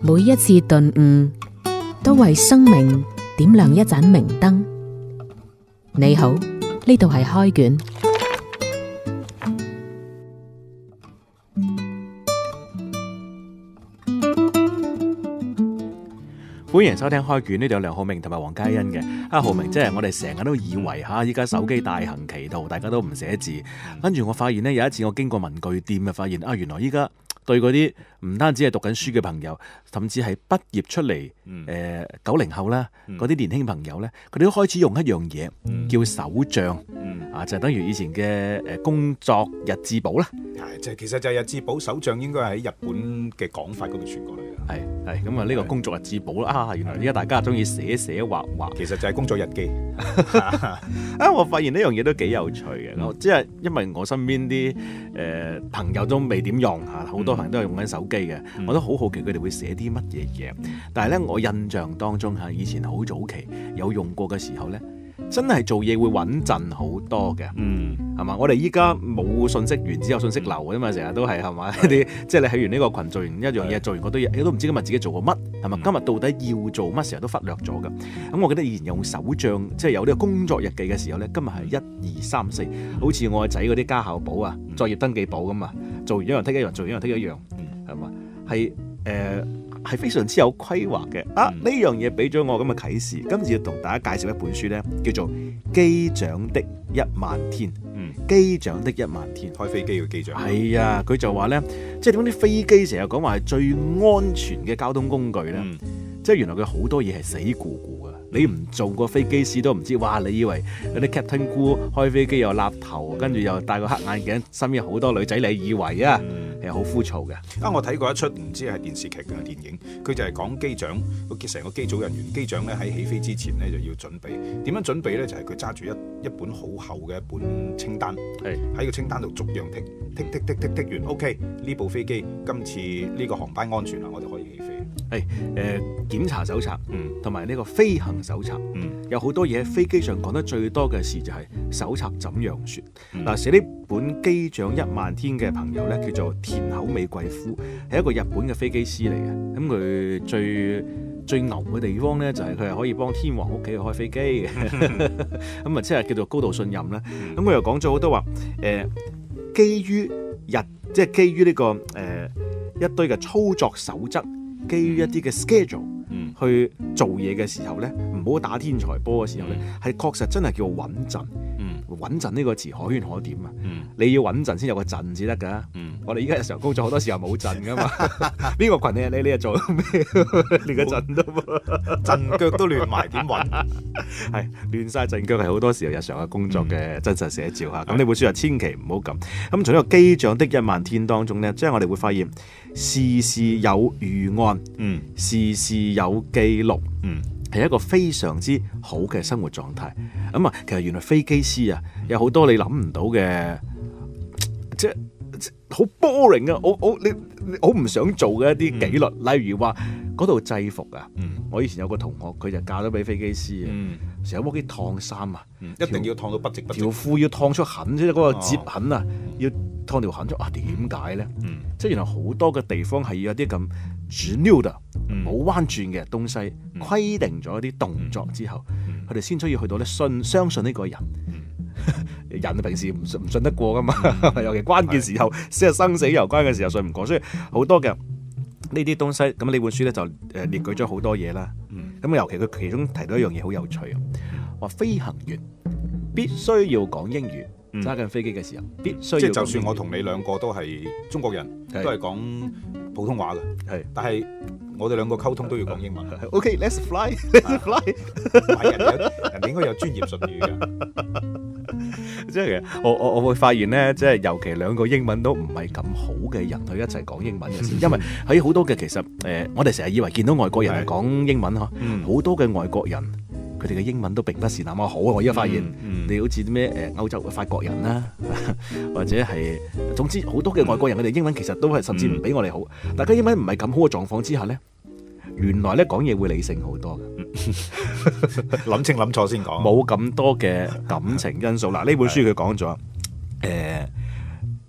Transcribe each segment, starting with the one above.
每一次頓悟，都為生命點亮一盞明燈。你好，呢度係開卷。歡迎收聽開卷，呢度有梁浩明同埋黃嘉欣嘅。阿浩明即係我哋成日都以為哈，依家手機大行其道，大家都唔寫字。跟住我發現呢，有一次我經過文具店啊，發現啊，原來依家。對嗰啲唔單止係讀緊書嘅朋友，甚至係畢業出嚟，誒九零後啦，嗰啲年輕朋友咧，佢哋都開始用一樣嘢，叫手帳。啊，就係等於以前嘅誒工作日誌簿啦。係，就其實就係日誌簿，手帳應該喺日本嘅講法嗰度傳過嚟嘅。係係，咁啊呢個工作日誌簿啦，啊是原來而家大家中意寫寫畫畫，其實就係工作日記。啊，我發現呢樣嘢都幾有趣嘅。即係、嗯、因為我身邊啲誒朋友都未點用嚇，好多朋友都係用緊手機嘅，嗯、我都好好奇佢哋會寫啲乜嘢嘢。但係咧，我印象當中嚇以前好早期有用過嘅時候咧。真係做嘢會穩陣好多嘅，嗯，係嘛？我哋依家冇信息源，只有信息流啫嘛，成日都係係嘛？啲是的 即係你喺完呢個群做完一樣嘢，是的 做完嗰堆嘢，你都唔知今日自己做過乜，係嘛？嗯、今日到底要做乜時候都忽略咗噶。咁我記得以前用手帳，即係有呢個工作日記嘅時候咧，今日係一二三四，好似我仔嗰啲家校簿啊、作業登記簿咁啊，做完一樣剔一樣，做完一樣剔一樣，係嘛？係誒。是呃嗯係非常之有規劃嘅啊！呢樣嘢俾咗我咁嘅啟示，今次要同大家介紹一本書呢，叫做《機長的一萬天》。嗯，《機長的一萬天》開飛機嘅機長。係啊、哎呀，佢、嗯、就話呢，即係點解啲飛機成日講話係最安全嘅交通工具呢？嗯、即係原來佢好多嘢係死鼓鼓嘅。你唔做過飛機師都唔知。哇！你以為嗰啲 captain 姑開飛機又擸頭，嗯、跟住又戴個黑眼鏡，身邊好多女仔，你以為啊？嗯係好枯燥嘅，啊！我睇過一出唔知係電視劇定係電影，佢就係講機長，成個機組人員，機長咧喺起飛之前咧就要準備點樣準備咧就係佢揸住一一本好厚嘅一本清單，係的，喺個清單度逐樣剔剔剔剔剔剔完，OK 呢部飛機今次呢個航班安全啦，我哋可以起飛。誒，誒、哎呃，檢查手冊，嗯，同埋呢個飛行手冊，嗯，有好多嘢喺飛機上講得最多嘅事就係手冊怎樣説。嗱、嗯，寫呢本《機長一萬天》嘅朋友咧，叫做田口美貴夫，係一個日本嘅飛機師嚟嘅。咁佢最最牛嘅地方咧，就係佢係可以幫天皇屋企去開飛機嘅。咁啊、嗯，即係 叫做高度信任啦。咁佢又講咗好多話，誒、呃，基於日，即、就、係、是、基於呢、這個誒、呃、一堆嘅操作守則。基於一啲嘅 schedule、嗯、去做嘢嘅時候咧，唔好打天才波嘅時候咧，係、嗯、確實真係叫穩陣。穩陣呢個詞可圈可點啊！你要穩陣先有個陣至得噶。我哋依家日常工作好多時候冇陣噶嘛。邊個群你你你又做到咩連個陣都冇，陣腳都亂埋，點穩？係亂晒陣腳，係好多時候日常嘅工作嘅真實寫照吓。咁你會說話千祈唔好咁。咁從呢個機長的一萬天當中咧，即係我哋會發現事事有預案，嗯，事事有記錄，嗯。係一個非常之好嘅生活狀態。咁、嗯、啊，其實原來飛機師啊，有好多你諗唔到嘅，即係。好 boring 啊！我我你我唔想做嘅一啲紀律，例如話嗰度制服啊。我以前有個同學，佢就嫁咗俾飛機師啊，成日喺屋企燙衫啊，一定要燙到不直。不。條褲要燙出痕先，嗰個折痕啊，要燙條痕咗啊，點解咧？即係原來好多嘅地方係要有啲咁絕妙嘅冇彎轉嘅東西，規定咗一啲動作之後，佢哋先需要去到咧信相信呢個人。人平時唔信，唔信得過噶嘛，尤其關鍵時候，即係是的 生死攸關嘅時候，信唔過，所以好多嘅呢啲東西，咁呢本書咧就誒列舉咗好多嘢啦。咁、嗯、尤其佢其中提到一樣嘢好有趣，啊，話飛行員必須要講英語揸緊、嗯嗯、飛機嘅時候，必須即就算我同你兩個都係中國人，是的 都係講普通話嘅，係，是的 但係我哋兩個溝通都要講英文。的 OK，let's、okay, fly，fly， 人哋應該有專業術語嘅。即係， 我我我會發現咧，即係尤其兩個英文都唔係咁好嘅人去一齊講英文嘅，嗯、因為喺好多嘅，其實誒，嗯、我哋成日以為見到外國人嚟講英文嗬，好、嗯、多嘅外國人佢哋嘅英文都並不是那麼好。我而家發現，嗯嗯、你好似咩誒，歐洲嘅法國人啦、啊，或者係總之好多嘅外國人，佢哋、嗯、英文其實都係甚至唔比我哋好。大家、嗯、英文唔係咁好嘅狀況之下呢，原來咧講嘢會理性好多。諗 清諗錯先講，冇咁多嘅感情因素。嗱，呢本書佢講咗，誒的、欸，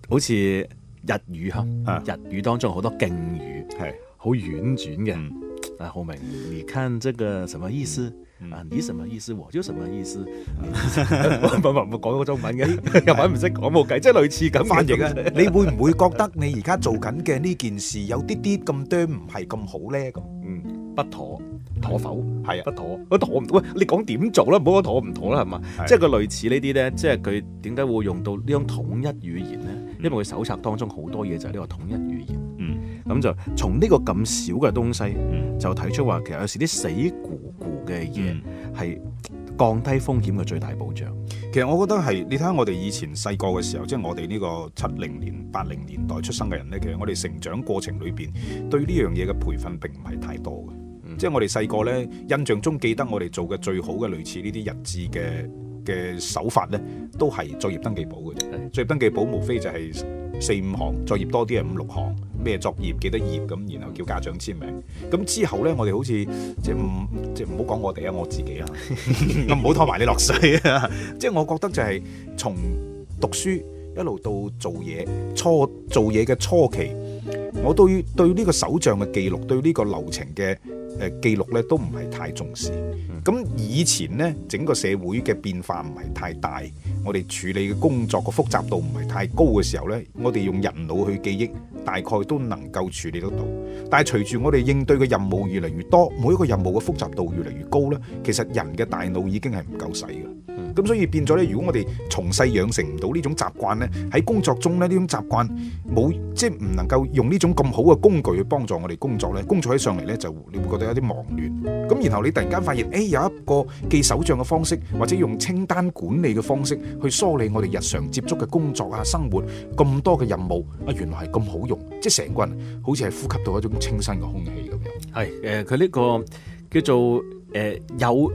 好似日語哈，日語當中好多敬語，係好婉轉嘅。啊，浩明，你看這個什麼意思？啊、嗯，你什麼意思？我就什麼意思？唔唔唔，講個中文嘅， 日文唔識講冇計，即係 類似咁 反譯啊。你會唔會覺得你而家做緊嘅呢件事有啲啲咁多唔係咁好咧？咁，嗯，不妥。妥否？係啊，不妥。啊、妥唔妥？喂，你講點做啦，唔好妥唔妥啦，係嘛、啊？即係個類似呢啲咧，即係佢點解會用到呢種統一語言咧？嗯、因為佢手冊當中好多嘢就係呢個統一語言。嗯。咁就從呢個咁少嘅東西，嗯、就睇出話，其實有時啲死咕咕嘅嘢係降低風險嘅最大保障。其實我覺得係，你睇下我哋以前細個嘅時候，即係我哋呢個七零年、八零年代出生嘅人咧，其實我哋成長過程裏邊對呢樣嘢嘅培訓並唔係太多嘅。即係我哋細個咧，印象中記得我哋做嘅最好嘅類似呢啲日誌嘅嘅手法咧，都係作業登記簿嘅。作業登記簿無非就係四五行作業，多啲係五六行咩，作業幾多頁咁，然後叫家長簽名。咁之後咧，我哋好似即係唔即係唔好講我哋啊，我自己啊，咁唔好拖埋你落水啊。即係我覺得就係從讀書一路到做嘢，初做嘢嘅初期，我對對呢個手帳嘅記錄，對呢個流程嘅誒記錄咧都唔係太重視，咁以前咧整個社會嘅變化唔係太大，我哋處理嘅工作嘅複雜度唔係太高嘅時候咧，我哋用人腦去記憶。大概都能夠處理得到，但係隨住我哋應對嘅任務越嚟越多，每一個任務嘅複雜度越嚟越高咧，其實人嘅大腦已經係唔夠使嘅。咁所以變咗咧，如果我哋從細養成唔到呢種習慣咧，喺工作中咧呢種習慣冇，即係唔能夠用呢種咁好嘅工具去幫助我哋工作咧，工作起上嚟咧就你會覺得有啲忙亂。咁然後你突然間發現，誒、哎、有一個記手帳嘅方式，或者用清單管理嘅方式去梳理我哋日常接觸嘅工作啊、生活咁多嘅任務啊，原來係咁好用。即係成個人好似係呼吸到一種清新嘅空氣咁樣。係、呃、誒，佢呢個叫做誒、呃、有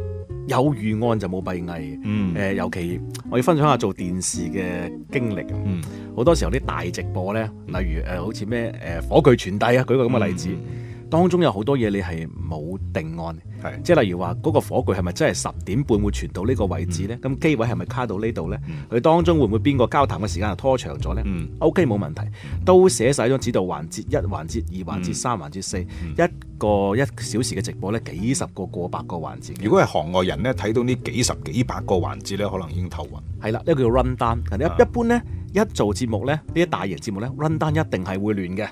有預案就冇閉翳。嗯，誒、呃，尤其我要分享下做電視嘅經歷。嗯，好多時候啲大直播咧，例如誒、呃，好似咩誒火炬傳遞啊，舉個咁嘅例子，嗯、當中有好多嘢你係冇定案。即係例如話嗰個火炬係咪真係十點半會傳到呢個位置呢？咁機位係咪卡到呢度呢？佢當中會唔會邊個交談嘅時間係拖長咗呢？OK，冇問題，都寫晒咗指導，環節一、環節二、環節三、環節四一個一小時嘅直播呢，幾十個過百個環節。如果係行外人呢，睇到呢幾十幾百個環節呢，可能已經頭暈。係啦，呢個叫 run down。一般呢，一做節目呢，呢啲大型節目呢 run down 一定係會亂嘅。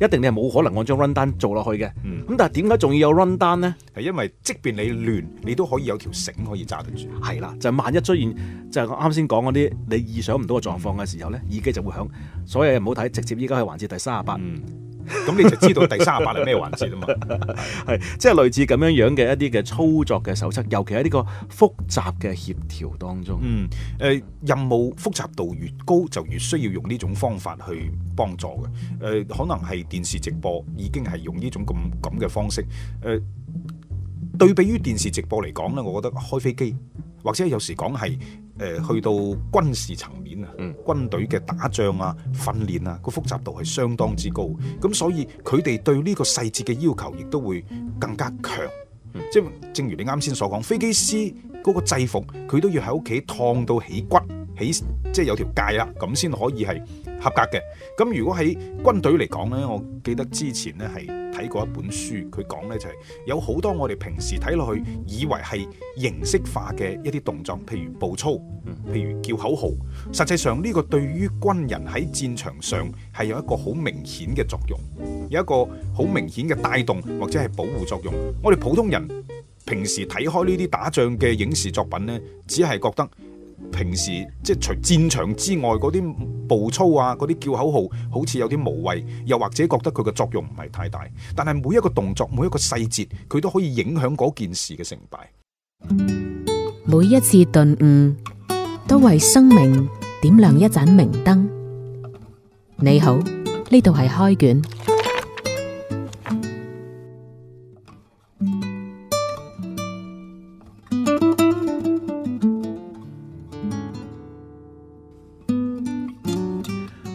一定你係冇可能按張 run down 做落去嘅。咁但係點解仲要有 run down 呢？係因為即便你亂，你都可以有條繩可以揸得住。係啦，就萬一出現，就係、是、我啱先講嗰啲你意想唔到嘅狀況嘅時候咧，嗯、耳機就會響。所以唔好睇，直接依家去環節第三十八。嗯，咁 你就知道第三十八係咩環節啊嘛。係 是，即係、就是、類似咁樣樣嘅一啲嘅操作嘅手冊，尤其喺呢個複雜嘅協調當中。嗯，誒、呃、任務複雜度越高，就越需要用呢種方法去幫助嘅。誒、呃，可能係電視直播已經係用呢種咁咁嘅方式。誒、呃。對比於電視直播嚟講咧，我覺得開飛機或者有時講係誒去到軍事層面啊，軍隊嘅打仗啊、訓練啊，個複雜度係相當之高，咁所以佢哋對呢個細節嘅要求亦都會更加強，即正如你啱先所講，飛機師嗰個制服佢都要喺屋企燙到起骨。起即係有條界啦，咁先可以係合格嘅。咁如果喺軍隊嚟講呢，我記得之前呢係睇過一本書，佢講呢就係有好多我哋平時睇落去以為係形式化嘅一啲動作，譬如步操，譬如叫口號。實際上呢個對於軍人喺戰場上係有一個好明顯嘅作用，有一個好明顯嘅帶動或者係保護作用。我哋普通人平時睇開呢啲打仗嘅影視作品呢，只係覺得。平時即係除戰場之外嗰啲步操啊，嗰啲叫口號，好似有啲無謂，又或者覺得佢嘅作用唔係太大。但係每一個動作，每一個細節，佢都可以影響嗰件事嘅成敗。每一次頓悟，都為生命點亮一盞明燈。你好，呢度係開卷。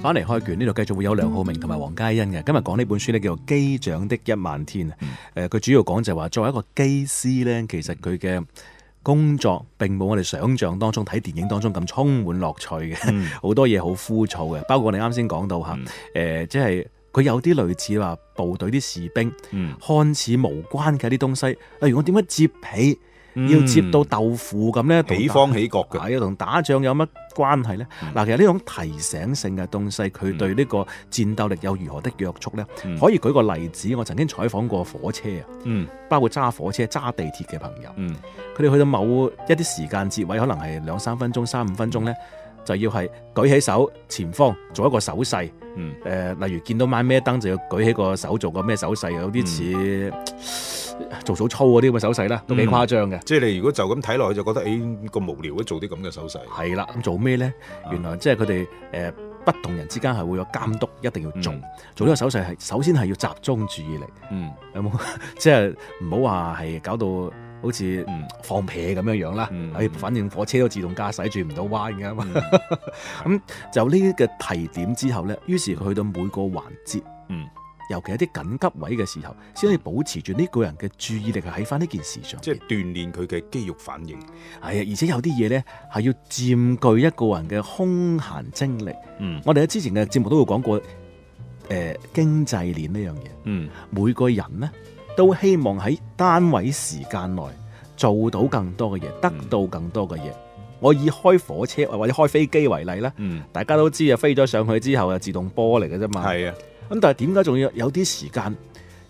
翻嚟開卷呢度繼續會有梁浩明同埋黃嘉欣嘅，今日講呢本書呢，叫做《機長的一萬天》啊。誒、嗯，佢、呃、主要講就係話作為一個機師呢，其實佢嘅工作並冇我哋想象當中睇電影當中咁充滿樂趣嘅，好、嗯、多嘢好枯燥嘅。包括我哋啱先講到吓，誒、呃，即係佢有啲類似話部隊啲士兵，嗯、看似無關嘅啲東西，例、呃、如我點樣接起。嗯、要接到豆腐咁咧，幾方起角嘅，係同打仗有乜關係呢？嗱、嗯，其實呢種提醒性嘅東西，佢對呢個戰鬥力有如何的約束呢？嗯、可以舉個例子，我曾經採訪過火車啊，嗯、包括揸火車、揸地鐵嘅朋友，佢哋、嗯、去到某一啲時間節位，可能係兩三分鐘、三五分鐘呢，就要係舉起手前方做一個手勢，嗯、呃，例如見到買咩燈就要舉起個手做個咩手勢，有啲似，嗯做早操嗰啲咁嘅手勢啦，都幾誇張嘅、嗯。即係你如果就咁睇落去，就覺得誒咁、欸、無聊嘅做啲咁嘅手勢。係啦，咁做咩咧？嗯、原來即係佢哋誒不同人之間係會有監督，一定要做。嗯、做呢個手勢係首先係要集中注意力。嗯，有冇即係唔好話係搞到好似放屁咁樣樣啦？嗯嗯、反正火車都自動駕駛轉唔到彎㗎嘛。咁、嗯嗯、 就呢個提點之後咧，於是佢去到每個環節。嗯。尤其在一啲緊急位嘅時候，先可以保持住呢個人嘅注意力係喺翻呢件事上，即係鍛鍊佢嘅肌肉反應。係啊，而且有啲嘢呢係要佔據一個人嘅空閒精力。嗯，我哋喺之前嘅節目都會講過，誒、呃、經濟鏈呢樣嘢。嗯，每個人呢都希望喺單位時間內做到更多嘅嘢，得到更多嘅嘢。嗯、我以開火車或者開飛機為例啦。嗯、大家都知啊，飛咗上去之後啊，自動波嚟嘅啫嘛。係啊。咁但係點解仲要有啲時間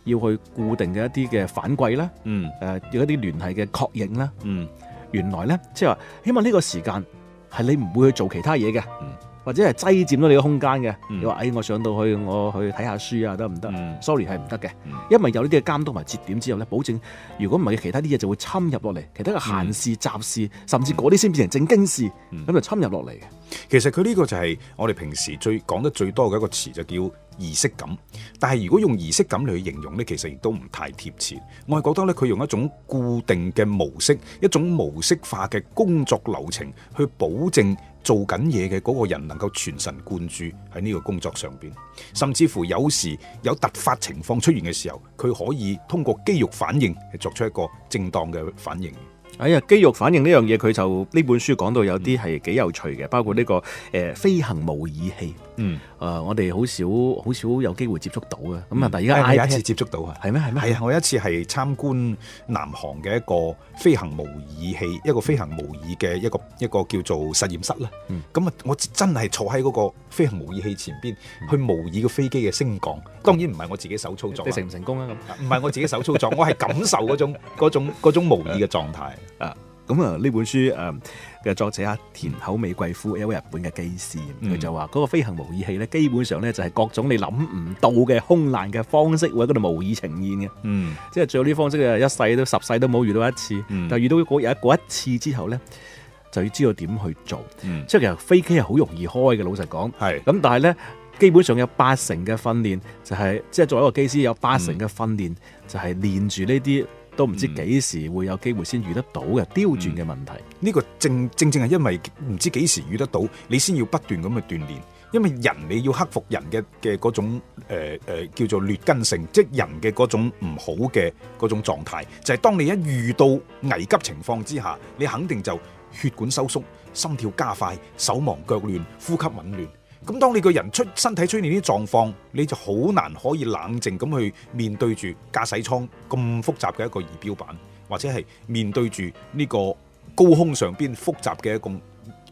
要去固定嘅一啲嘅反饋咧？嗯、呃，有一啲聯繫嘅確認啦。嗯，原來咧即係話，希望呢個時間係你唔會去做其他嘢嘅。嗯或者係擠佔咗你個空間嘅，你話哎，我上到去，我去睇下書啊，得唔得？Sorry 係唔得嘅，因為有呢啲嘅監督埋節點之後咧，保證如果唔係其他啲嘢就會侵入落嚟，其他嘅閒事、嗯、雜事，甚至嗰啲先變成正經事，咁、嗯、就侵入落嚟嘅。其實佢呢個就係我哋平時最講得最多嘅一個詞，就叫儀式感。但係如果用儀式感嚟去形容咧，其實亦都唔太貼切。我係覺得咧，佢用一種固定嘅模式，一種模式化嘅工作流程去保證。做緊嘢嘅嗰個人能夠全神貫注喺呢個工作上邊，甚至乎有時有突發情況出現嘅時候，佢可以通過肌肉反應嚟作出一個正當嘅反應。哎呀，肌肉反應呢樣嘢佢就呢本書講到有啲係幾有趣嘅，嗯、包括呢、這個誒、呃、飛行模擬器，嗯。誒、呃，我哋好少好少有機會接觸到嘅，咁啊、嗯，但而家我有一次接觸到啊，係咩係咩？係啊，我有一次係參觀南航嘅一個飛行模擬器，嗯、一個飛行模擬嘅一個一個叫做實驗室啦。咁啊、嗯，我真係坐喺嗰個飛行模擬器前邊，嗯、去模擬個飛機嘅升降。當然唔係我自己手操作，你成唔成功啊？咁唔係我自己手操作， 我係感受嗰種嗰種嗰種模擬嘅狀態啊。咁啊、嗯，呢、嗯嗯嗯嗯、本書誒。嗯嘅作者啊，田口美貴夫 l、嗯、日本嘅機師，佢就話：嗰、嗰個飛行模擬器咧，基本上咧就係各種你諗唔到嘅空難嘅方式，喺嗰度模擬呈現嘅。嗯，即係做呢啲方式啊，一世都十世都冇遇到一次。嗯、但係遇到嗰一一,一次之後咧，就要知道點去做。嗯、即係其實飛機係好容易開嘅，老實講。係是。咁但係咧，基本上有八成嘅訓練就係、是，即係作為一個機師，有八成嘅訓練就係練住呢啲，都唔知幾時會有機會先遇得到嘅刁鑽嘅問題，呢、嗯嗯這個正正正係因為唔知幾時遇得到，你先要不斷咁去鍛鍊。因為人你要克服人嘅嘅嗰種、呃、叫做劣根性，即人嘅嗰種唔好嘅嗰種狀態，就係、是、當你一遇到危急情況之下，你肯定就血管收縮、心跳加快、手忙腳亂、呼吸紊亂。咁當你個人出身體出現啲狀況，你就好難可以冷靜咁去面對住駕駛艙咁複雜嘅一個儀表板，或者係面對住呢個高空上邊複雜嘅一個誒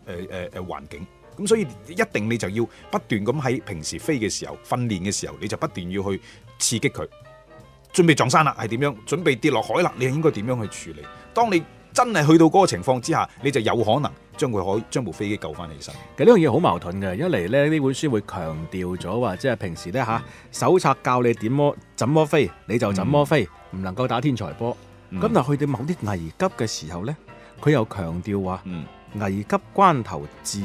誒誒環境。咁所以一定你就要不斷咁喺平時飛嘅時候、訓練嘅時候，你就不斷要去刺激佢，準備撞山啦，係點樣？準備跌落海啦，你應該點樣去處理？當你真係去到嗰個情況之下，你就有可能將佢可將部飛機救翻起身。其實呢樣嘢好矛盾嘅，一嚟咧呢本書會強調咗話，即係平時咧嚇、嗯啊、手冊教你點麼，怎麼飛你就怎麼飛，唔、嗯、能夠打天才波。咁、嗯、但去到某啲危急嘅時候呢，佢又強調話危急關頭自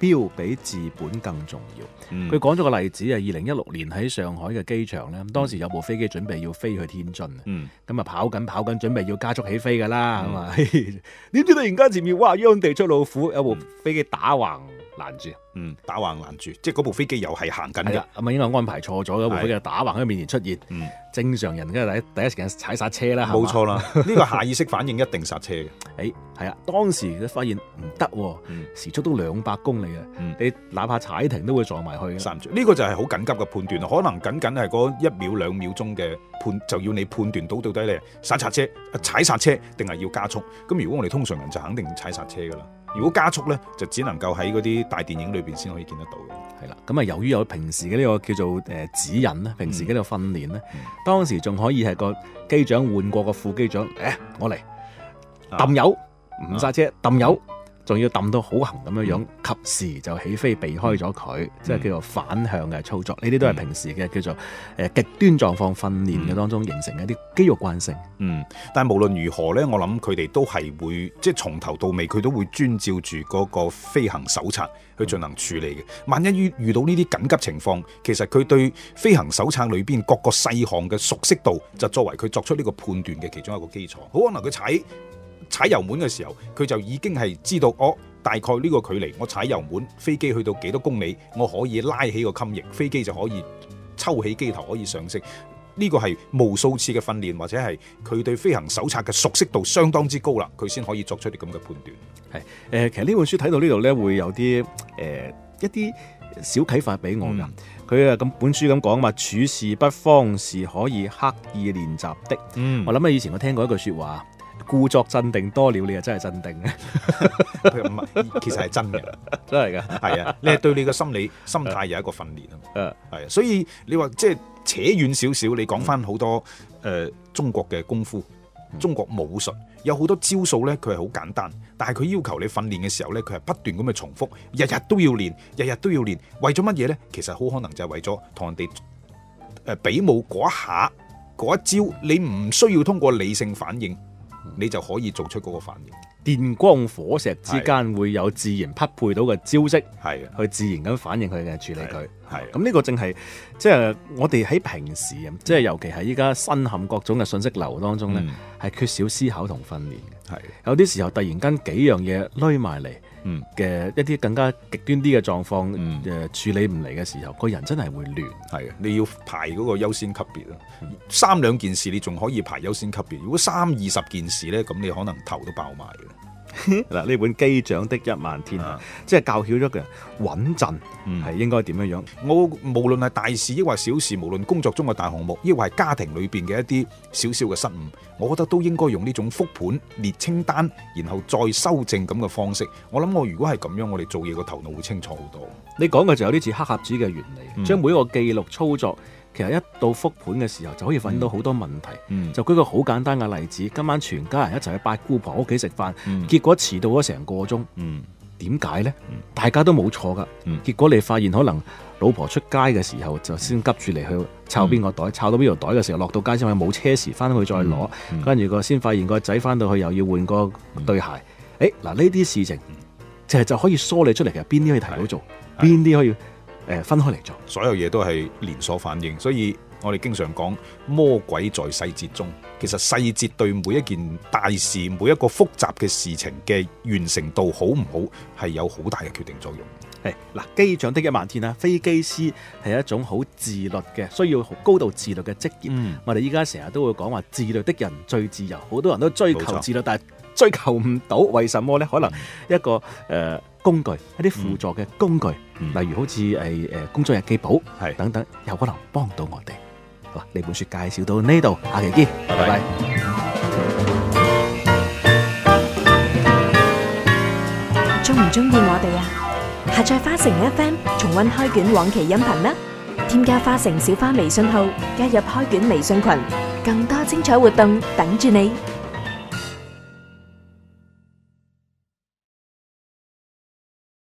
標比治本更重要。佢講咗個例子啊，二零一六年喺上海嘅機場呢，當時有部飛機準備要飛去天津啊，咁啊、嗯、跑緊跑緊，準備要加速起飛噶啦，點、嗯、不 知突然間前面哇，一地出老虎，有部飛機打橫。攔住，嗯，打橫攔住，即係嗰部飛機又係行緊嘅，係咪應該安排錯咗嗰部飛機打橫喺面前出現，嗯的，正常人，梗係第第一時間踩剎車啦，冇錯啦，呢吧、這個下意識反應一定剎車嘅，誒、 哎，係啊，當時發現唔得，嗯、時速都兩百公里啊，嗯、你哪怕踩停都會撞埋去剎住，呢個就係好緊急嘅判斷，可能僅僅係嗰一秒兩秒鐘嘅判，就要你判斷到到底你剎剎車、踩剎車，定係要加速，咁如果我哋通常人就肯定踩剎車噶啦。如果加速咧，就只能夠喺嗰啲大電影裏邊先可以見得到嘅。係啦，咁啊由於有平時嘅呢個叫做誒、呃、指引咧，平時嘅呢個訓練咧，嗯、當時仲可以係個機長換過個副機長，誒、嗯欸、我嚟，抌油唔剎、啊、車，抌、啊、油。仲要揼到好行咁樣樣，嗯、及時就起飛避開咗佢，嗯、即係叫做反向嘅操作。呢啲都係平時嘅、嗯、叫做誒極端狀況訓練嘅當中形成一啲肌肉慣性。嗯，但係無論如何呢我諗佢哋都係會即係從頭到尾佢都會遵照住嗰個飛行手冊去進行處理嘅。萬一遇到呢啲緊急情況，其實佢對飛行手冊裏邊各個細項嘅熟悉度，就作為佢作出呢個判斷嘅其中一個基礎。好可能佢踩。踩油門嘅時候，佢就已經係知道哦，大概呢個距離，我踩油門，飛機去到幾多公里，我可以拉起個襟翼，飛機就可以抽起機頭可以上升。呢個係無數次嘅訓練，或者係佢對飛行手冊嘅熟悉度相當之高啦，佢先可以作出咁嘅判斷。係誒、呃，其實呢本書睇到呢度呢，會有啲誒、呃、一啲小啟發俾我噶。佢啊咁本書咁講嘛，處事不慌是可以刻意練習的。嗯，我諗起以前我聽過一句說話。故作鎮定多了，你又真係鎮定咧。 其實係真嘅，真係㗎，係啊。你係對你個心理心態有一個訓練啊。誒，係啊。所以你話即係扯遠少少，你講翻好多誒、嗯呃、中國嘅功夫、嗯、中國武術，有好多招數呢。佢係好簡單，但係佢要求你訓練嘅時候呢，佢係不斷咁去重複，日日都要練，日日都要練。為咗乜嘢呢？其實好可能就係為咗同人哋誒比武嗰一下、嗰一招，你唔需要通過理性反應。你就可以做出嗰個反應，電光火石之間會有自然匹配到嘅招式，係去自然咁反應佢、嘅處理佢。係咁，呢個正係即係我哋喺平時，即係、嗯、尤其係依家身陷各種嘅信息流當中呢係、嗯、缺少思考同訓練。嘅。係。有啲時候突然間幾樣嘢攣埋嚟。嘅、嗯、一啲更加極端啲嘅狀況，嗯、處理唔嚟嘅時候，個人真係會亂，係啊！你要排嗰個優先級別啊，嗯、三兩件事你仲可以排優先級別，如果三二十件事呢，咁你可能頭都爆埋嘅。嗱，呢 本《機長的一萬天》啊，嗯、即係教曉咗嘅穩陣係應該點樣樣。我無論係大事抑或小事，無論工作中嘅大項目，抑或係家庭裏邊嘅一啲少少嘅失誤，我覺得都應該用呢種覆盤列清單，然後再修正咁嘅方式。我諗我如果係咁樣，我哋做嘢個頭腦會清楚好多。你講嘅就有啲似黑匣子嘅原理，將、嗯、每一個記錄操作。其實一到覆盤嘅時候，就可以發現到好多問題、嗯。就舉個好簡單嘅例子，今晚全家人一齊去八姑婆屋企食飯，嗯、結果遲到咗成個鐘。點解、嗯、呢？嗯、大家都冇錯噶。嗯、結果你發現可能老婆出街嘅時候就先急住嚟去摷邊個袋，摷、嗯、到邊條袋嘅時候落到街先話冇車匙翻去再攞，跟住個先發現個仔翻到去又要換個對鞋。誒嗱、嗯，呢啲、欸、事情就就可以梳理出嚟，其實邊啲可以提早做，邊啲可以。誒，分開嚟做，所有嘢都係連鎖反應，所以我哋經常講魔鬼在細節中。其實細節對每一件大事、每一個複雜嘅事情嘅完成度好唔好，係有好大嘅決定作用。係嗱，機長的一萬天啊，飛機師係一種好自律嘅，需要高度自律嘅職業。嗯，我哋依家成日都會講話自律的人最自由，好多人都追求自律，冇錯。但係追求唔到，為什麼呢？可能一個誒。呃工具，一啲輔助嘅工具，例如好似係誒工作日記簿，係等等，有可能幫到我哋。好啦，呢本書介紹到呢度，下期見，拜拜。中唔中意我哋啊？下載花城 FM 重温開卷往期音頻啦！添加花城小花微信號，加入開卷微信群，更多精彩活動等住你。